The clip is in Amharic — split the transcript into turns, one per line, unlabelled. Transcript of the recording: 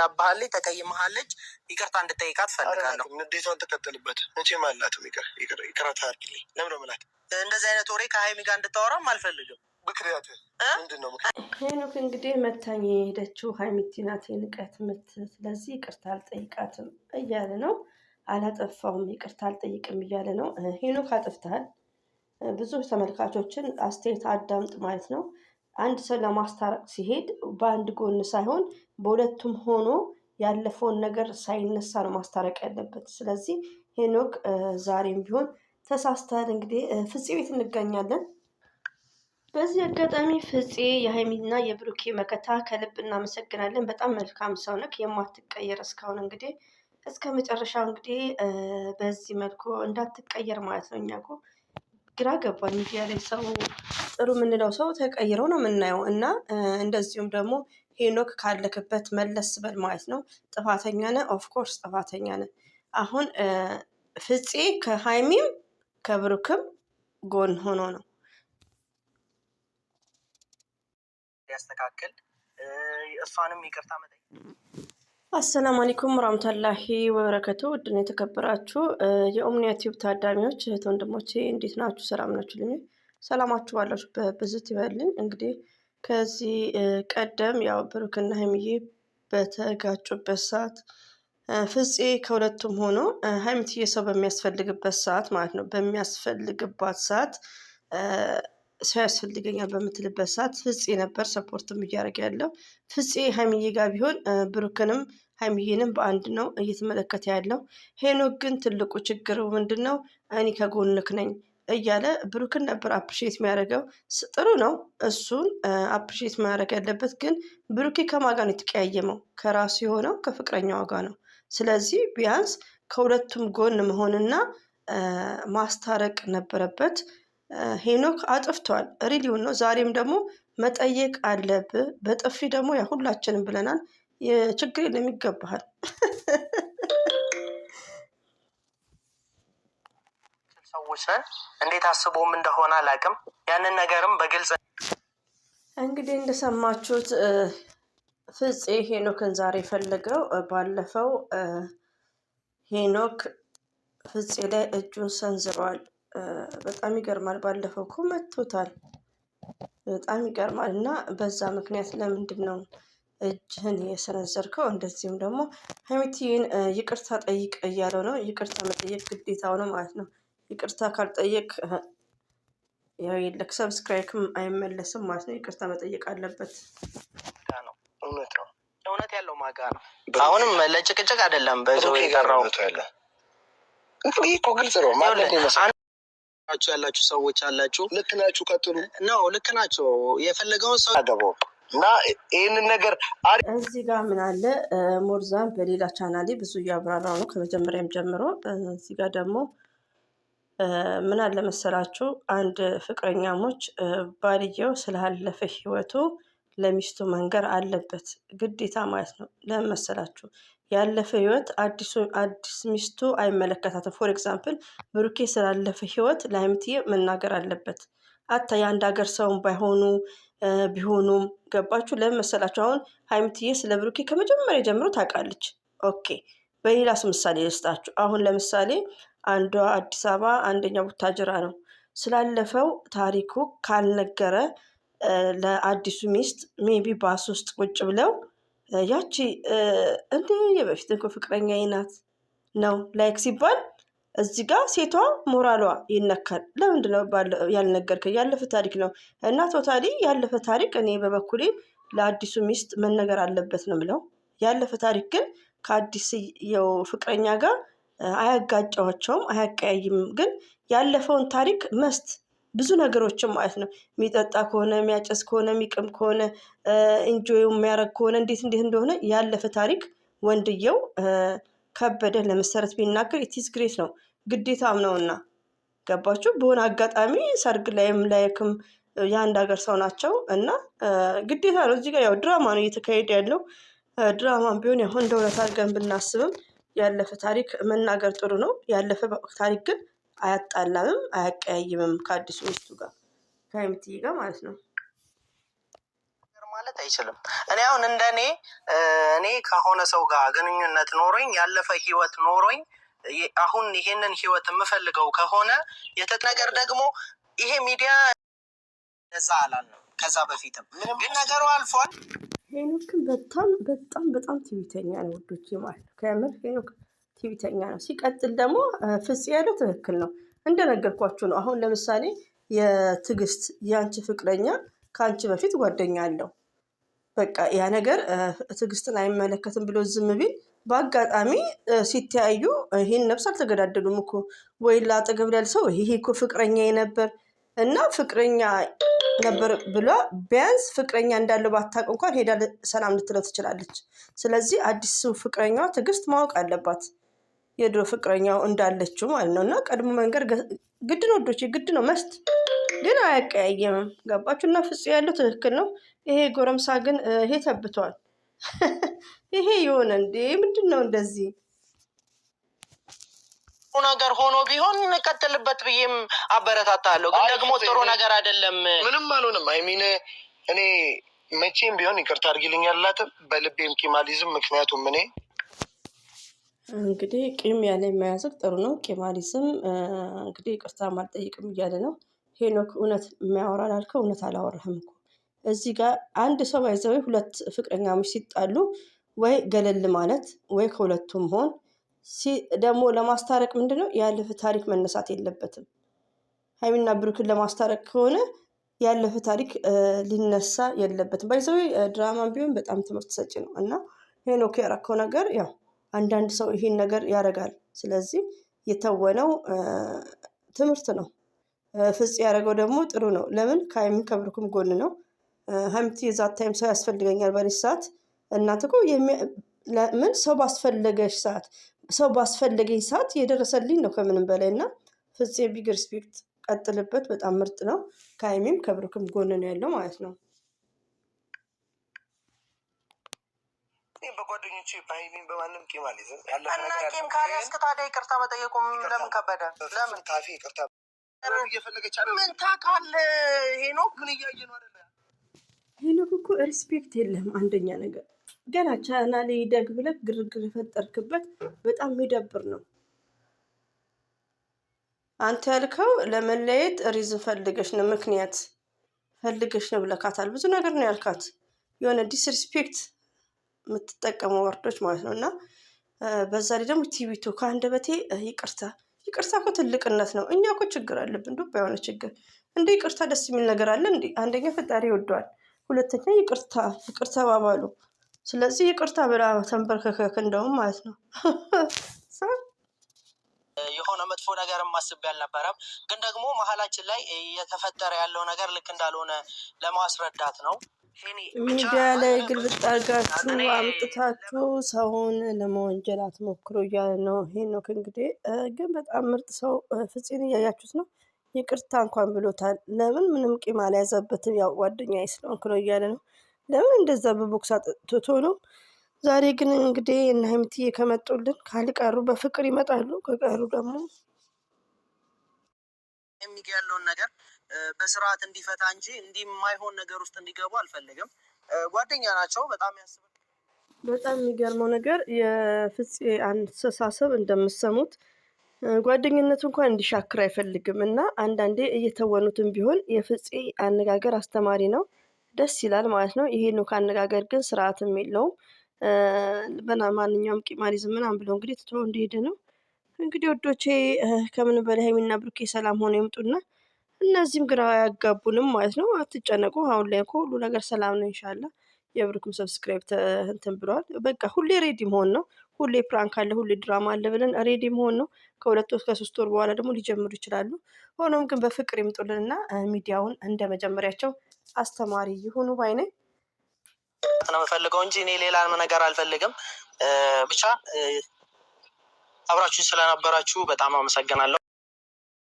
ተናዳብሃለች፣ ተቀይመሃለች። ይቅርታ እንድጠይቃት ፈልጋለሁ።
ንዴቷን ተቀጠልበት መቼም አላትም። ይቅርታ አድርግልኝ። ለምን ምላት
እንደዚህ አይነት ወሬ ከሀይሚ ጋር እንድታወራም አልፈልግም።
ምክንያት ምንድን
ሄኖክ እንግዲህ መታኝ የሄደችው ሀይሚቲ ናት፣ የንቀት ምት። ስለዚህ ይቅርታ አልጠይቃትም እያለ ነው። አላጠፋውም፣ ይቅርታ አልጠይቅም እያለ ነው። ሄኖክ አጥፍተሃል። ብዙ ተመልካቾችን አስተያየት አዳምጥ ማለት ነው። አንድ ሰው ለማስታረቅ ሲሄድ በአንድ ጎን ሳይሆን በሁለቱም ሆኖ ያለፈውን ነገር ሳይነሳ ነው ማስታረቅ ያለበት። ስለዚህ ሄኖክ ዛሬም ቢሆን ተሳስተሃል። እንግዲህ ፍፄ ቤት እንገኛለን። በዚህ አጋጣሚ ፍፄ የሀይሚና የብሩኬ መከታ ከልብ እናመሰግናለን። በጣም መልካም ሰው ነክ የማትቀየር እስካሁን እንግዲህ እስከ መጨረሻው እንግዲህ በዚህ መልኩ እንዳትቀየር ማለት ነው እኛ እኮ ግራ ገባኝ። ሚዲያ ላይ ሰው ጥሩ የምንለው ሰው ተቀይረው ነው የምናየው እና እንደዚሁም ደግሞ ሄኖክ ካለክበት መለስ ስበል ማለት ነው። ጥፋተኛ ነህ፣ ኦፍኮርስ ጥፋተኛ ነህ። አሁን ፍፄ ከሀይሚም ከብሩክም ጎን ሆኖ ነው
ያስተካክል እሷንም ይቅርታ መጠየቅ
አሰላሙ አለይኩም ወራህመቱላሂ ወበረከቱ። ውድን የተከበራችሁ የኦምኒያ ቲዩብ ታዳሚዎች እህት ወንድሞቼ እንዴት ናችሁ? ሰላም ልኝ ሰላማችሁ ባላችሁ ብዝት ይበልኝ። እንግዲህ ከዚህ ቀደም ያው ብሩክና ሀይሚዬ በተጋጩበት ሰዓት ፍፄ ከሁለቱም ሆኖ ሀይሚትዬ ሰው በሚያስፈልግበት ሰዓት ማለት ነው በሚያስፈልግባት ሰዓት ሰው ያስፈልገኛል በምትልበት ሰዓት ፍፄ ነበር ሰፖርትም እያደረገ ያለው። ፍፄ ሀይሚዬ ጋር ቢሆን ብሩክንም ሀይሚዬንም በአንድ ነው እየተመለከተ ያለው። ሄኖክ ግን ትልቁ ችግር ምንድን ነው? እኔ ከጎንክ ነኝ እያለ ብሩክን ነበር አፕሪሼት የሚያደርገው። ጥሩ ነው፣ እሱን አፕሪሼት ማድረግ ያለበት ግን ብሩኬ ከማጋ ነው የተቀያየመው? ከራሱ የሆነው ከፍቅረኛ ዋጋ ነው። ስለዚህ ቢያንስ ከሁለቱም ጎን መሆንና ማስታረቅ ነበረበት። ሄኖክ አጥፍቷል። ሪሊውን ነው። ዛሬም ደግሞ መጠየቅ አለብ። በጥፊ ደግሞ ያ ሁላችንም ብለናል። ችግር የለም ይገባሃል።
ሰዎች እንዴት አስቦም እንደሆነ አላውቅም። ያንን ነገርም በግልጽ
እንግዲህ እንደሰማችሁት ፍፄ ሄኖክን ዛሬ ፈልገው ባለፈው ሄኖክ ፍፄ ላይ እጁን ሰንዝሯል። በጣም ይገርማል። ባለፈው እኮ መቶታል። በጣም ይገርማል። እና በዛ ምክንያት ለምንድን ነው እጅህን የሰነዘርከው? እንደዚሁም ደግሞ ሀሚትዬን ይቅርታ ጠይቅ እያለው ነው። ይቅርታ መጠየቅ ግዴታው ነው ማለት ነው። ይቅርታ ካልጠየቅ ያው የለክ ሰብስክራይክም አይመለስም ማለት ነው። ይቅርታ መጠየቅ አለበት።
እውነት ነው።
እውነት ያለው ማጋ ነው። አሁንም ለጭቅጭቅ አይደለም። በዙ የጠራው
ይህ እኮ ግልጽ ነው።
ናችሁ ያላችሁ ሰዎች አላችሁ።
ልክ ናችሁ። ቀጥሉ
ነው። ልክ ናቸው። የፈለገውን ሰው
አገባው እና ይህንን ነገር
እዚህ ጋር ምን አለ ሞርዛን በሌላ ቻናሌ ብዙ እያብራራው ነው ከመጀመሪያም ጀምሮ። እዚህ ጋር ደግሞ ምን አለ መሰላችሁ አንድ ፍቅረኛሞች ባልየው ስላለፈ ህይወቱ ለሚስቱ መንገር አለበት ግዴታ ማለት ነው። ለምን መሰላችሁ? ያለፈ ህይወት አዲስ ሚስቱ አይመለከታትም። ፎር ኤግዛምፕል ብሩኬ ስላለፈ ህይወት ለሀይሚትዬ መናገር አለበት። አታ የአንድ ሀገር ሰውን ባይሆኑ ቢሆኑም ገባችሁ ለምን መሰላችሁ? አሁን ሀይምትዬ ስለ ብሩኬ ከመጀመሪያ ጀምሮ ታውቃለች። ኦኬ በሌላስ ምሳሌ ልስጣችሁ። አሁን ለምሳሌ አንዷ አዲስ አበባ አንደኛው ቡታጅራ ነው። ስላለፈው ታሪኩ ካልነገረ ለአዲሱ ሚስት ሜቢ ባስ ውስጥ ቁጭ ብለው ያቺ እንደ የበፊት እኮ ፍቅረኛ ናት ነው ላይክ ሲባል እዚህ ጋር ሴቷ ሞራሏ ይነካል። ለምንድን ነው ያልነገርከኝ? ያለፈ ታሪክ ነው እና ቶታሊ ያለፈ ታሪክ እኔ በበኩሌ ለአዲሱ ሚስት መነገር አለበት ነው ምለው። ያለፈ ታሪክ ግን ከአዲስ የው ፍቅረኛ ጋር አያጋጫቸውም፣ አያቀያይም። ግን ያለፈውን ታሪክ መስት ብዙ ነገሮችን ማለት ነው። የሚጠጣ ከሆነ የሚያጨስ ከሆነ የሚቅም ከሆነ እንጆይ የሚያደርግ ከሆነ እንዴት እንዴት እንደሆነ ያለፈ ታሪክ ወንድየው ከበደ ለመሰረት ቢናገር ኢቲስ ግሬት ነው ግዴታም ነው እና ገባችሁ። በሆነ አጋጣሚ ሰርግ ላይም ላይክም የአንድ ሀገር ሰው ናቸው እና ግዴታ ነው። እዚህ ጋር ያው ድራማ ነው እየተካሄደ ያለው ድራማም ቢሆን ያሁን እንደ እውነት አድርገን ብናስብም ያለፈ ታሪክ መናገር ጥሩ ነው። ያለፈ ታሪክ ግን አያጣላምም፣ አያቀያይምም ከአዲሱ ሚስቱ ጋር ከሀይሚትዬ ጋር ማለት ነው
ማለት አይችልም። እኔ አሁን እንደ እኔ እኔ ከሆነ ሰው ጋር ግንኙነት ኖሮኝ ያለፈ ህይወት ኖሮኝ አሁን ይሄንን ህይወት የምፈልገው ከሆነ የተት ነገር ደግሞ ይሄ ሚዲያ እዛ አላልነው ከዛ በፊትም ግን ነገሩ አልፏል።
ሄኖክን በጣም በጣም በጣም ትዕቢተኛ ነው ወዶች ማለት ነው። ከምር ሄኖክ ትዕቢተኛ ነው። ሲቀጥል ደግሞ ፍጽ ያለው ትክክል ነው። እንደነገርኳችሁ ነው። አሁን ለምሳሌ የትዕግስት የአንቺ ፍቅረኛ ከአንቺ በፊት ጓደኛ አለው። በቃ ያ ነገር ትዕግስትን አይመለከትም ብሎ ዝም ቢል በአጋጣሚ ሲተያዩ ይህን ነብስ አልተገዳደሉም እኮ ወይ ላጠገብ ላል ሰው ይሄ እኮ ፍቅረኛ ነበር እና ፍቅረኛ ነበር ብሎ ቢያንስ ፍቅረኛ እንዳለው ባታውቅ እንኳን ሄዳ ሰላም ልትለው ትችላለች። ስለዚህ አዲሱ ፍቅረኛዋ ትዕግስት ማወቅ አለባት። የድሮ ፍቅረኛው እንዳለችው ማለት ነው። እና ቀድሞ መንገድ ግድ ነው ወዶች ግድ ነው መስት ግን አያቀያየምም። ገባችሁ? እና ፍጽ ያለው ትክክል ነው። ይሄ ጎረምሳ ግን ይሄ ተብቷል። ይሄ የሆነ እንዴ ምንድን ነው እንደዚህ
ነገር ሆኖ ቢሆን እንቀጥልበት ብዬም አበረታታለሁ። ግን ደግሞ ጥሩ ነገር አይደለም።
ምንም አልሆንም። አይሚን እኔ መቼም ቢሆን ይቅርታ አድርጊልኝ ያላትም በልቤም ኪማሊዝም ምክንያቱም እኔ
እንግዲህ ቂም ያለ የማያዝግ ጥሩ ነው። ቂም አሊስም እንግዲህ ቅርታ አልጠይቅም እያለ ነው። ሄኖክ እውነት የሚያወራ ላልከው እውነት አላወራህም እኮ እዚህ ጋር አንድ ሰው ባይዘው ሁለት ፍቅረኛሞች ሲጣሉ ወይ ገለል ማለት ወይ ከሁለቱም ሆን ደግሞ ለማስታረቅ ነው ያለፈ ታሪክ መነሳት የለበትም። ሀይሚና ብሩክን ለማስታረቅ ከሆነ ያለፈ ታሪክ ሊነሳ የለበትም። ባይዘዊ ድራማ ቢሆን በጣም ትምህርት ሰጪ ነው እና ሄኖክ ያራከው ነገር ያው አንዳንድ ሰው ይህን ነገር ያደርጋል። ስለዚህ የተወነው ትምህርት ነው። ፍጽ ያደረገው ደግሞ ጥሩ ነው። ለምን ከሀይሚን ከብሩክም ጎን ነው። ሀይሚቲ የዛት ታይም ሰው ያስፈልገኛል ባለች ሰዓት እናንተ እኮ ለምን ሰው ባስፈለገች ሰዓት ሰው ባስፈለገኝ ሰዓት የደረሰልኝ ነው ከምንም በላይ እና ፍጽ ቢግ ሪስፔክት ቀጥልበት። በጣም ምርጥ ነው። ከሀይሚም ከብሩክም ጎን ነው ያለው ማለት ነው።
በጓደኞቼ በሀይሚን በማንም ቂም አልይዝም። እና ቂም ካልያዝክ ታዲያ ይቅርታ መጠየቁ ለምን ከበደ? ለምን ታፊ ይቅርታ እየፈለገች ምን ታውቃለህ? ሄኖክ ምን እያየ ነው?
ሄኖክ እኮ ሪስፔክት የለም። አንደኛ ነገር ገና ቻናሌ ይደግ ብለህ ግርግር የፈጠርክበት በጣም የሚደብር ነው። አንተ ያልከው ለመለየት ሪዝን ፈልገሽ ነው፣ ምክንያት ፈልገሽ ነው ብለካታል። ብዙ ነገር ነው ያልካት። የሆነ ዲስሪስፔክት የምትጠቀሙ ወርዶች ማለት ነው እና በዛ ላይ ደግሞ ቲቪቱ ከአንደበቴ ይቅርታ ይቅርታ እኮ ትልቅነት ነው። እኛ እኮ ችግር አለብን፣ ዱብ የሆነ ችግር እንደ ይቅርታ ደስ የሚል ነገር አለ እንዴ? አንደኛ ፈጣሪ ይወደዋል፣ ሁለተኛ ይቅርታ ይቅር ተባባሉ። ስለዚህ ይቅርታ ብላ ተንበርከከክ እንደውም ማለት ነው።
የሆነ መጥፎ ነገር ማስብ ያልነበረም ግን ደግሞ መሀላችን ላይ እየተፈጠረ ያለው ነገር ልክ እንዳልሆነ ለማስረዳት ነው።
ሚዲያ ላይ ግልብጥ አርጋችሁ አምጥታችሁ ሰውን ለመወንጀል አትሞክሩ እያለ ነው ሄኖክ። እንግዲህ ግን በጣም ምርጥ ሰው ፍፄን እያያችሁት ነው። ይቅርታ እንኳን ብሎታል። ለምን ምንም ቂም አልያዘበትም። ያው ጓደኛ ስለሆንክ ነው እያለ ነው። ለምን እንደዛ በቦክስ አጥትቶ ነው። ዛሬ ግን እንግዲህ እነ ሀይሚትዬ ከመጡልን ካልቀሩ በፍቅር ይመጣሉ። ከቀሩ ደግሞ
የሚገ ያለውን ነገር በስርዓት እንዲፈታ እንጂ እንዲህ የማይሆን ነገር ውስጥ እንዲገቡ አልፈልግም ጓደኛ ናቸው። በጣም ያስብ
በጣም የሚገርመው ነገር የፍፄ አስተሳሰብ እንደምሰሙት ጓደኝነቱ እንኳን እንዲሻክር አይፈልግም እና አንዳንዴ እየተወኑትም ቢሆን የፍፄ አነጋገር አስተማሪ ነው፣ ደስ ይላል ማለት ነው። ይሄ ነው ከአነጋገር ግን ስርዓትም የለውም። በማንኛውም ቂማሊዝም ምናምን ብለው እንግዲህ ትቶ እንዲሄድ ነው። እንግዲህ ወዶቼ ከምን በላይ ሀይሚና ብሩኬ ሰላም ሆነ ይምጡና እነዚህም ግን አያጋቡንም ማለት ነው። አትጨነቁ። አሁን ላይ እኮ ሁሉ ነገር ሰላም ነው። እንሻላ የብሩክም ሰብስክራይብ እንትን ብለዋል። በቃ ሁሌ ሬዲ መሆን ነው። ሁሌ ፕራንክ አለ፣ ሁሌ ድራማ አለ ብለን ሬዲ መሆን ነው። ከሁለት ወር ከሶስት ወር በኋላ ደግሞ ሊጀምሩ ይችላሉ። ሆኖም ግን በፍቅር ይምጡልንና ሚዲያውን እንደ መጀመሪያቸው አስተማሪ ይሁኑ ባይነ
ነው ፈልገው እንጂ እኔ ሌላ ነገር አልፈልግም። ብቻ አብራችሁ ስለነበራችሁ በጣም አመሰግናለሁ።